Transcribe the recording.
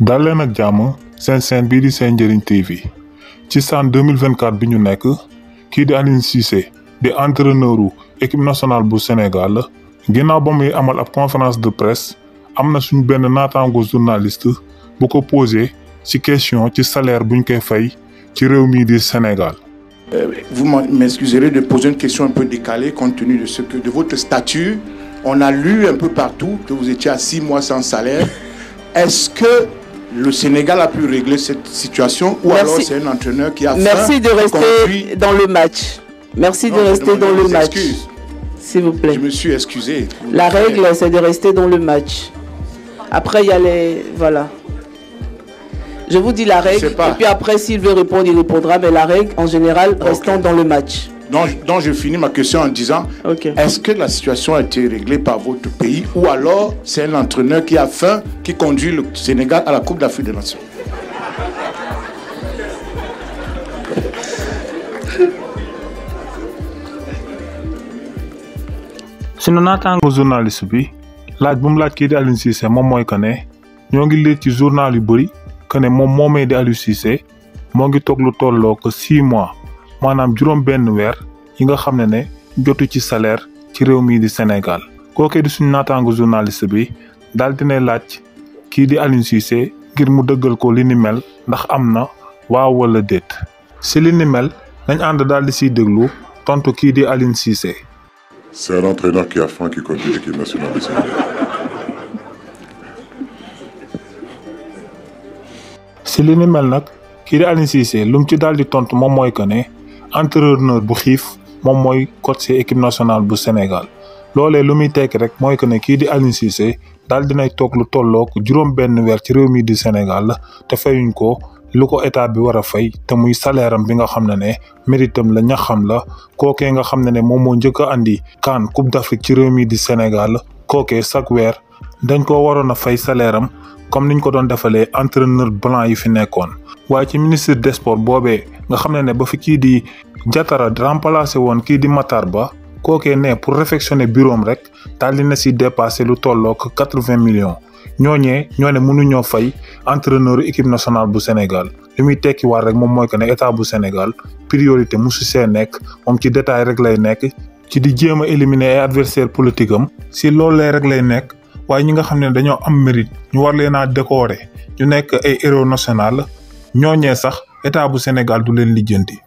dalena leen ak jàmm bi di TV ci san 2024 bi ñu nekk kii di Aliou Cissé di entraîneur équipe nationale bu Sénégal ginnaw ba muy amal ab conférence de presse amna suñu benn natango journaliste bu ko posé ci question ci salaire buñ koy fay ci réew di Sénégal. Eh, vous m'excuserez de poser une question un peu décalée compte tenu de de votre statut on a lu un peu partout que vous étiez à six mois sans salaire est-ce que le Sénégal a pu régler cette situation ou alors c'est un entraîneur qui a Merci de rester dans le match. Merci de rester dans le match. S'il vous plaît. Je me suis excusé. La règle, c'est de rester dans le match. Après, il y a les... Voilà. Je vous dis la règle. Et puis après, s'il veut répondre, il répondra. Mais la règle, en général, restant dans le match. Donc, donc, je finis ma question en disant est-ce que la situation a été réglée par votre pays ou alors c'est l'entraîneur qui a faim qui conduit le Sénégal à la Coupe d'Afrique des Nations Sinon, nu naataango journaliste bi laaj bu mu laaj kii à Aliou Cissé moom mooy que ne ñoo ngi léegi ci journal yu bëri que ne mon moment di Aliou Cissé moo ngi toog lu tolloo 6 six mois. maanaam juróom benn weer yi nga xam ne ne jotu ci salaire ci réew mii di Sénégal kookee di suñu naataango journaliste bi daldi dinay laaj kii di Aliou ngir mu dëggal ko li ndax am na waaw wala déet si li ni nañ ànd daal di siy déglu tontu kii di Aliou Cissé. C'est un entraîneur qui a faim nationale Sénégal. nag kii di Aliou ci daal di tontu moom mooy que entraîneur bu xiif moom mooy coacher équipe nationale bu Sénégal loole lu muy tekki rek mooy que ne kii di Aliou Cissé daal dinay toog lu tollook juróom-benn weer ci réew mi di Sénégal te fayuñ ko lu ko état bi war a fay te muy saleeram bi nga xam ne ne méritam la ñaxam la kookee nga xam ne ne moom moo njëkk a andi CAN Coupe d'Afrique ci réew mi di Sénégal kookee chaque weer dañ ko waroon a fay salaire am comme niñ ko doon defalee entraîneur blanc yi fi nekkoon. waaye ci ministre des sports boobee nga xam ne ne ba fi kii di jatara remplacé woon kii di Matar Ba kookee ne pour réfectionner bureau am rek daal dina si dépassé lu tollook quatre-vingts millions ñooñee ñoo ne mënuñoo fay entraîneur équipe nationale bu Sénégal li muy tekkiwaat rek moom mooy que ne état bu Sénégal priorité musu see nekk moom ci détail rek lay nekk ci di jéem a éliminer ay adversaire am si loolu lay rek lay nekk. waaye ñi nga xam ne dañoo am mérite ñu war leen a décorer ñu nekk ay héros national ñooñee sax état bu Sénégal du leen lijjanti.